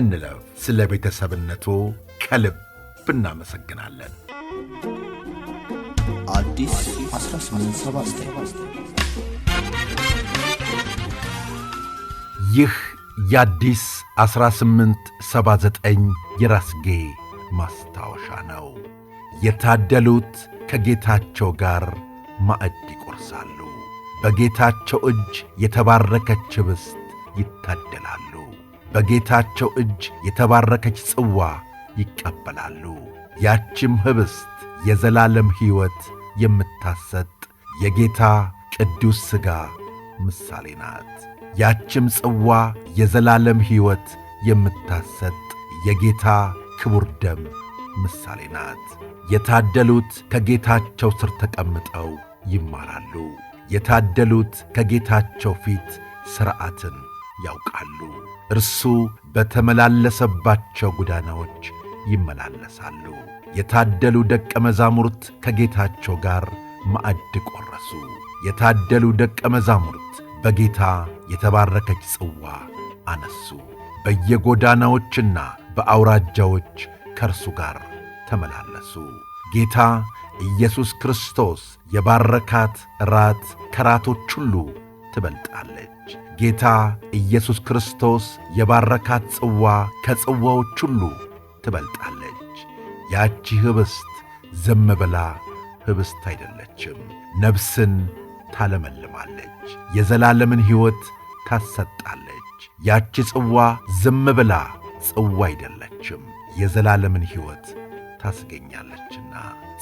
እንለፍ። ስለ ቤተሰብነቱ ከልብ እናመሰግናለን። ይህ የአዲስ 1879 የራስጌ ማስታወሻ ነው። የታደሉት ከጌታቸው ጋር ማዕድ ይቆርሳሉ። በጌታቸው እጅ የተባረከች ኅብስት ይታደላሉ። በጌታቸው እጅ የተባረከች ጽዋ ይቀበላሉ። ያችም ኅብስት የዘላለም ሕይወት የምታሰጥ የጌታ ቅዱስ ሥጋ ምሳሌ ናት። ያችም ጽዋ የዘላለም ሕይወት የምታሰጥ የጌታ ክቡር ደም ምሳሌ ናት። የታደሉት ከጌታቸው ስር ተቀምጠው ይማራሉ። የታደሉት ከጌታቸው ፊት ሥርዓትን ያውቃሉ። እርሱ በተመላለሰባቸው ጎዳናዎች ይመላለሳሉ። የታደሉ ደቀ መዛሙርት ከጌታቸው ጋር ማዕድ ቆረሱ። የታደሉ ደቀ መዛሙርት በጌታ የተባረከች ጽዋ አነሱ። በየጎዳናዎችና በአውራጃዎች ከእርሱ ጋር ተመላለሱ። ጌታ ኢየሱስ ክርስቶስ የባረካት ራት ከራቶች ሁሉ ትበልጣለች። ጌታ ኢየሱስ ክርስቶስ የባረካት ጽዋ ከጽዋዎች ሁሉ ትበልጣለች። ያቺ ኅብስት ዝም ብላ ኅብስት አይደለችም፣ ነፍስን ታለመልማለች፣ የዘላለምን ሕይወት ታሰጣለች። ያቺ ጽዋ ዝም ብላ ጽዋ አይደለችም፣ የዘላለምን ሕይወት ታስገኛለችና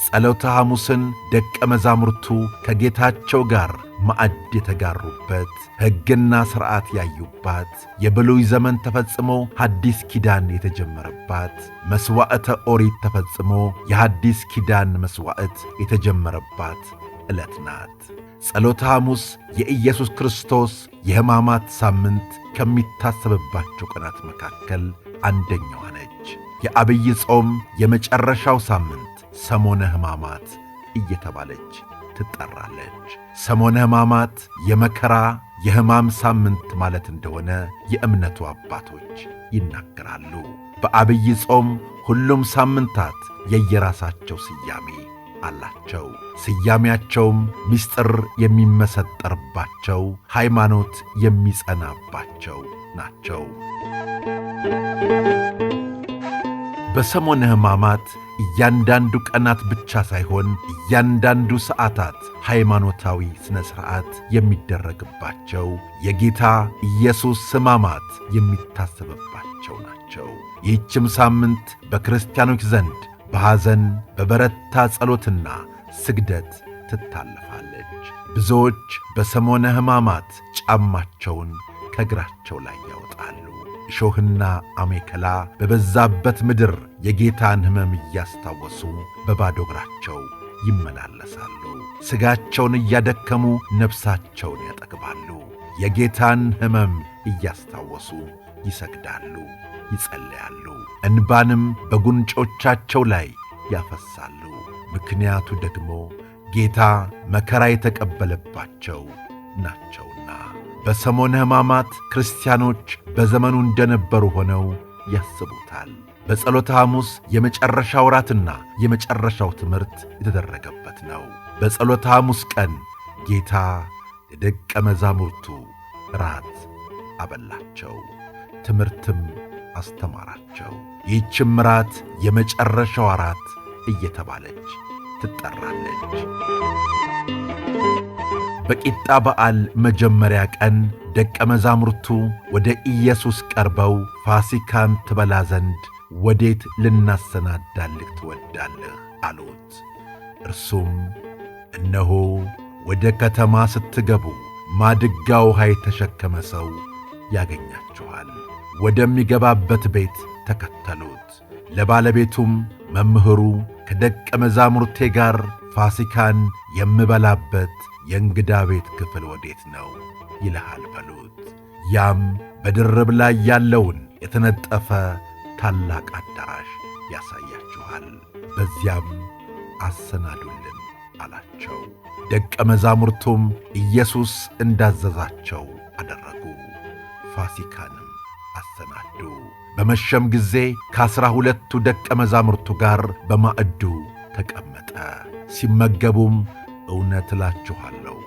ጸሎተ ሐሙስን ደቀ መዛሙርቱ ከጌታቸው ጋር ማዕድ የተጋሩበት ሕግና ሥርዓት ያዩባት የብሉይ ዘመን ተፈጽሞ ሐዲስ ኪዳን የተጀመረባት መሥዋዕተ ኦሪት ተፈጽሞ የሐዲስ ኪዳን መሥዋዕት የተጀመረባት ዕለት ናት። ጸሎተ ሐሙስ የኢየሱስ ክርስቶስ የሕማማት ሳምንት ከሚታሰብባቸው ቀናት መካከል አንደኛዋ ነች። የአብይ ጾም የመጨረሻው ሳምንት ሰሞነ ሕማማት እየተባለች ትጠራለች። ሰሞነ ሕማማት የመከራ የሕማም ሳምንት ማለት እንደሆነ የእምነቱ አባቶች ይናገራሉ። በአብይ ጾም ሁሉም ሳምንታት የየራሳቸው ስያሜ አላቸው። ስያሜያቸውም ምስጢር የሚመሰጠርባቸው፣ ሃይማኖት የሚጸናባቸው ናቸው። በሰሞነ ሕማማት እያንዳንዱ ቀናት ብቻ ሳይሆን እያንዳንዱ ሰዓታት ሃይማኖታዊ ሥነ ሥርዓት የሚደረግባቸው የጌታ ኢየሱስ ሕማማት የሚታሰብባቸው ናቸው። ይህችም ሳምንት በክርስቲያኖች ዘንድ በሐዘን በበረታ ጸሎትና ስግደት ትታለፋለች። ብዙዎች በሰሞነ ሕማማት ጫማቸውን ከእግራቸው ላይ ያወጣሉ። እሾህና አሜከላ በበዛበት ምድር የጌታን ሕመም እያስታወሱ በባዶ እግራቸው ይመላለሳሉ። ሥጋቸውን እያደከሙ ነፍሳቸውን ያጠግባሉ። የጌታን ሕመም እያስታወሱ ይሰግዳሉ፣ ይጸለያሉ። እንባንም በጉንጮቻቸው ላይ ያፈሳሉ። ምክንያቱ ደግሞ ጌታ መከራ የተቀበለባቸው ናቸውና። በሰሞነ ሕማማት ክርስቲያኖች በዘመኑ እንደነበሩ ሆነው ያስቡታል። በጸሎተ ሐሙስ የመጨረሻው ወራትና የመጨረሻው ትምህርት የተደረገበት ነው። በጸሎተ ሐሙስ ቀን ጌታ ለደቀ መዛሙርቱ ራት አበላቸው፣ ትምህርትም አስተማራቸው። ይህችም ራት የመጨረሻው ራት እየተባለች ትጠራለች። በቂጣ በዓል መጀመሪያ ቀን ደቀ መዛሙርቱ ወደ ኢየሱስ ቀርበው ፋሲካን ትበላ ዘንድ ወዴት ልናሰናዳልህ ትወዳለህ? አሉት። እርሱም እነሆ ወደ ከተማ ስትገቡ ማድጋ ውኃ የተሸከመ ሰው ያገኛችኋል። ወደሚገባበት ቤት ተከተሉት። ለባለቤቱም መምህሩ ከደቀ መዛሙርቴ ጋር ፋሲካን የምበላበት የእንግዳ ቤት ክፍል ወዴት ነው ይልሃል በሉት። ያም በድርብ ላይ ያለውን የተነጠፈ ታላቅ አዳራሽ ያሳያችኋል። በዚያም አሰናዱልን አላቸው። ደቀ መዛሙርቱም ኢየሱስ እንዳዘዛቸው አደረጉ። ፋሲካንም አሰናዱ። በመሸም ጊዜ ከዐሥራ ሁለቱ ደቀ መዛሙርቱ ጋር በማዕዱ ተቀመጠ። ሲመገቡም እውነት እላችኋለሁ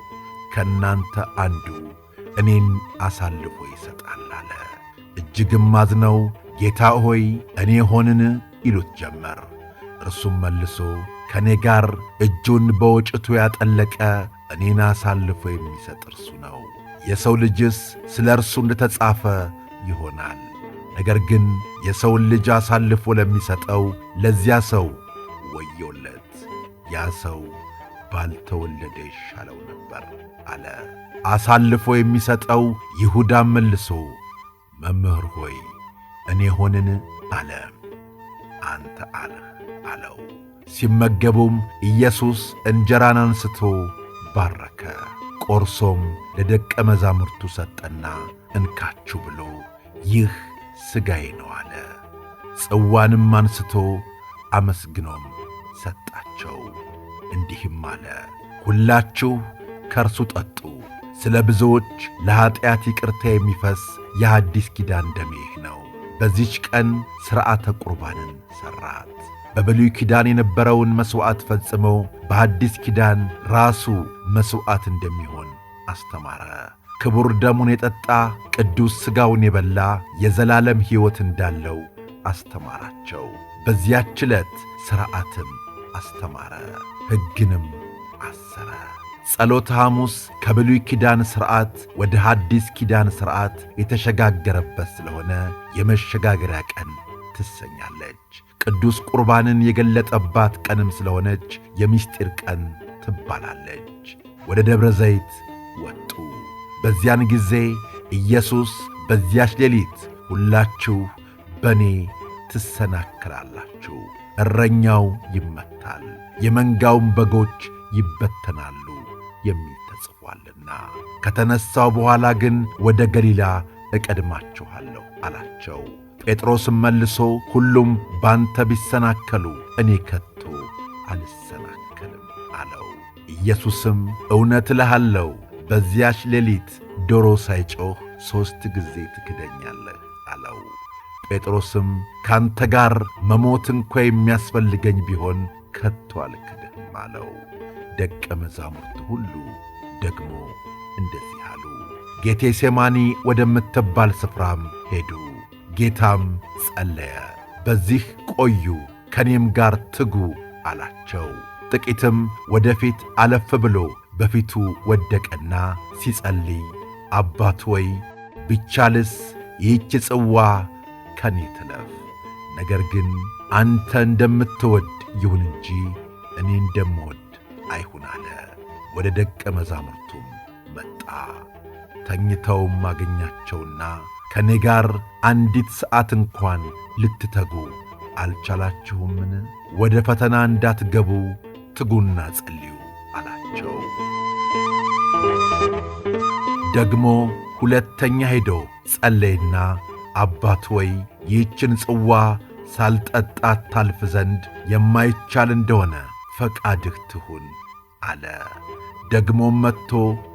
ከእናንተ አንዱ እኔን አሳልፎ ይሰጣል አለ። እጅግም አዝነው ጌታ ሆይ እኔ ሆንን ይሉት ጀመር። እርሱም መልሶ ከእኔ ጋር እጁን በወጭቱ ያጠለቀ እኔን አሳልፎ የሚሰጥ እርሱ ነው። የሰው ልጅስ ስለ እርሱ ተጻፈ ይሆናል። ነገር ግን የሰውን ልጅ አሳልፎ ለሚሰጠው ለዚያ ሰው ወዮለት፣ ያ ሰው ባልተወለደ ይሻለው ነበር አለ። አሳልፎ የሚሰጠው ይሁዳም መልሶ መምህር ሆይ እኔ ሆንን አለ። አንተ አለ አለው። ሲመገቡም ኢየሱስ እንጀራን አንስቶ ባረከ፣ ቆርሶም ለደቀ መዛሙርቱ ሰጠና እንካችሁ ብሎ ይህ ሥጋዬ ነው አለ። ጽዋንም አንስቶ አመስግኖም ሰጣቸው፣ እንዲህም አለ ሁላችሁ ከእርሱ ጠጡ ስለ ብዙዎች ለኀጢአት ይቅርታ የሚፈስ የአዲስ ኪዳን ደሜህ ነው። በዚች ቀን ሥርዓተ ቁርባንን ሠራት። በብሉይ ኪዳን የነበረውን መሥዋዕት ፈጽሞ በአዲስ ኪዳን ራሱ መሥዋዕት እንደሚሆን አስተማረ። ክቡር ደሙን የጠጣ ቅዱስ ሥጋውን የበላ የዘላለም ሕይወት እንዳለው አስተማራቸው። በዚያች ዕለት ሥርዓትም አስተማረ፣ ሕግንም አሰረ። ጸሎተ ሐሙስ ከብሉይ ኪዳን ሥርዓት ወደ ሐዲስ ኪዳን ሥርዓት የተሸጋገረበት ስለሆነ የመሸጋገሪያ ቀን ትሰኛለች። ቅዱስ ቁርባንን የገለጠባት ቀንም ስለሆነች የምስጢር ቀን ትባላለች። ወደ ደብረ ዘይት ወጡ። በዚያን ጊዜ ኢየሱስ በዚያች ሌሊት ሁላችሁ በእኔ ትሰናክላላችሁ፣ እረኛው ይመታል፣ የመንጋውም በጎች ይበተናሉ የሚል ተጽፏልና በኋላ ግን ወደ ገሊላ እቀድማችኋለሁ አላቸው። ጴጥሮስም መልሶ ሁሉም ባንተ ቢሰናከሉ እኔ ከቶ አልሰናከልም አለው። ኢየሱስም እውነት እልሃለሁ በዚያች ሌሊት ዶሮ ሳይጮህ ሦስት ጊዜ ትክደኛለህ አለው። ጴጥሮስም ካንተ ጋር መሞት እንኳ የሚያስፈልገኝ ቢሆን ከቶ አልክድህም አለው። ደቀ መዛሙርት ሁሉ ደግሞ እንደዚህ አሉ። ጌቴሴማኒ ወደምትባል ስፍራም ሄዱ። ጌታም ጸለየ። በዚህ ቆዩ፣ ከእኔም ጋር ትጉ አላቸው። ጥቂትም ወደፊት አለፍ ብሎ በፊቱ ወደቀና ሲጸልይ አባት ወይ ቢቻልስ ይህች ጽዋ ከኔ ትለፍ፣ ነገር ግን አንተ እንደምትወድ ይሁን እንጂ እኔ እንደምወድ አይሁን አለ። ወደ ደቀ መዛሙርቱም መጣ። ተኝተውም አገኛቸውና ከእኔ ጋር አንዲት ሰዓት እንኳን ልትተጉ አልቻላችሁምን? ወደ ፈተና እንዳትገቡ ትጉና ጸልዩ አላቸው። ደግሞ ሁለተኛ ሄዶ ጸለይና አባት ወይ ይህችን ጽዋ ሳልጠጣት ታልፍ ዘንድ የማይቻል እንደሆነ ፈቃድህ ትሁን አለ። ደግሞም መጥቶ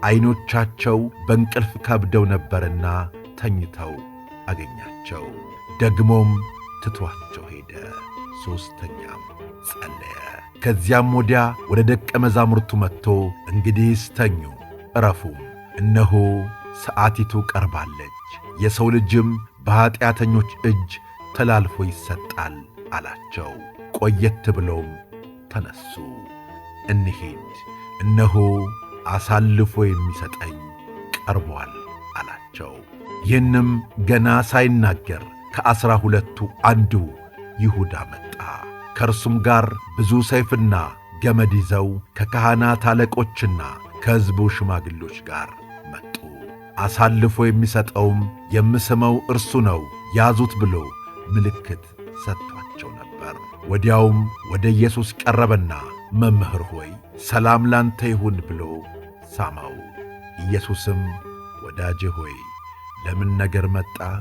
ዐይኖቻቸው በእንቅልፍ ከብደው ነበርና ተኝተው አገኛቸው። ደግሞም ትቷቸው ሄደ። ሦስተኛም ጸለየ። ከዚያም ወዲያ ወደ ደቀ መዛሙርቱ መጥቶ እንግዲህ ስተኙ ዕረፉም፣ እነሆ ሰዓቲቱ ቀርባለች፣ የሰው ልጅም በኀጢአተኞች እጅ ተላልፎ ይሰጣል አላቸው። ቆየት ብሎም ተነሱ እንሂድ፣ እነሆ አሳልፎ የሚሰጠኝ ቀርቧል አላቸው። ይህንም ገና ሳይናገር ከዐሥራ ሁለቱ አንዱ ይሁዳ መጣ። ከእርሱም ጋር ብዙ ሰይፍና ገመድ ይዘው ከካህናት አለቆችና ከሕዝቡ ሽማግሎች ጋር መጡ። አሳልፎ የሚሰጠውም የምስመው እርሱ ነው ያዙት ብሎ ምልክት ሰጥ ወዲያውም ወደ ኢየሱስ ቀረበና መምህር ሆይ ሰላም ላንተ ይሁን ብሎ ሳማው። ኢየሱስም ወዳጄ ሆይ ለምን ነገር መጣህ?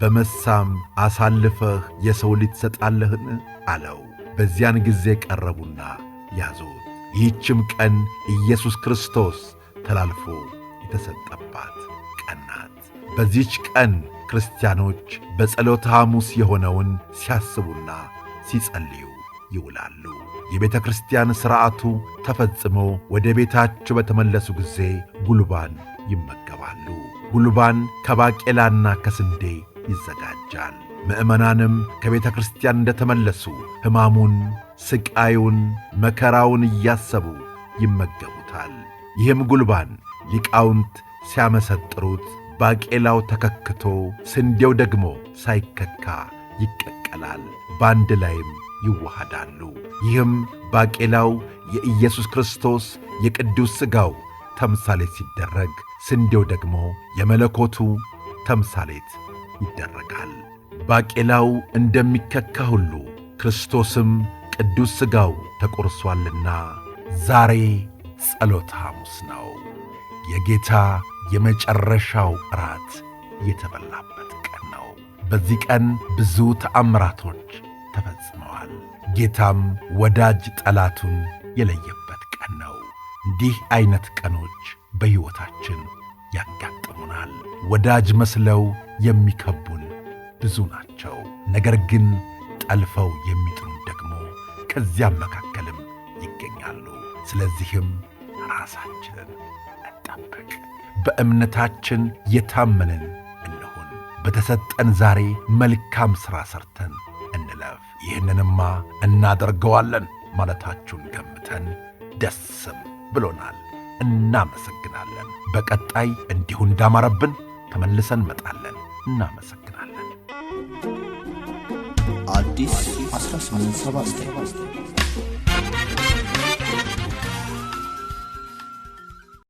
በመሳም አሳልፈህ የሰው ልትሰጣለህን? አለው። በዚያን ጊዜ ቀረቡና ያዙት። ይህችም ቀን ኢየሱስ ክርስቶስ ተላልፎ የተሰጠባት ቀን ናት። በዚች ቀን ክርስቲያኖች በጸሎተ ሐሙስ የሆነውን ሲያስቡና ሲጸልዩ ይውላሉ። የቤተ ክርስቲያን ሥርዓቱ ተፈጽሞ ወደ ቤታቸው በተመለሱ ጊዜ ጉልባን ይመገባሉ። ጉልባን ከባቄላና ከስንዴ ይዘጋጃል። ምዕመናንም ከቤተ ክርስቲያን እንደተመለሱ ሕማሙን፣ ሥቃዩን፣ መከራውን እያሰቡ ይመገቡታል። ይህም ጉልባን ሊቃውንት ሲያመሰጥሩት፣ ባቄላው ተከክቶ ስንዴው ደግሞ ሳይከካ ይቀ ይቀላቀላል፣ በአንድ ላይም ይዋሃዳሉ። ይህም ባቄላው የኢየሱስ ክርስቶስ የቅዱስ ሥጋው ተምሳሌት ሲደረግ፣ ስንዴው ደግሞ የመለኮቱ ተምሳሌት ይደረጋል። ባቄላው እንደሚከካ ሁሉ ክርስቶስም ቅዱስ ሥጋው ተቆርሷልና ዛሬ ጸሎተ ሐሙስ ነው። የጌታ የመጨረሻው እራት የተበላበት በዚህ ቀን ብዙ ተአምራቶች ተፈጽመዋል። ጌታም ወዳጅ ጠላቱን የለየበት ቀን ነው። እንዲህ ዐይነት ቀኖች በሕይወታችን ያጋጥሙናል። ወዳጅ መስለው የሚከቡን ብዙ ናቸው። ነገር ግን ጠልፈው የሚጥሩን ደግሞ ከዚያም መካከልም ይገኛሉ። ስለዚህም ራሳችንን እንጠብቅ። በእምነታችን የታመንን በተሰጠን ዛሬ መልካም ሥራ ሰርተን እንለፍ። ይህንንማ እናደርገዋለን ማለታችሁን ገምተን ደስም ብሎናል። እናመሰግናለን። በቀጣይ እንዲሁ እንዳማረብን ተመልሰን መጣለን። እናመሰግናለን። አዲስ 1879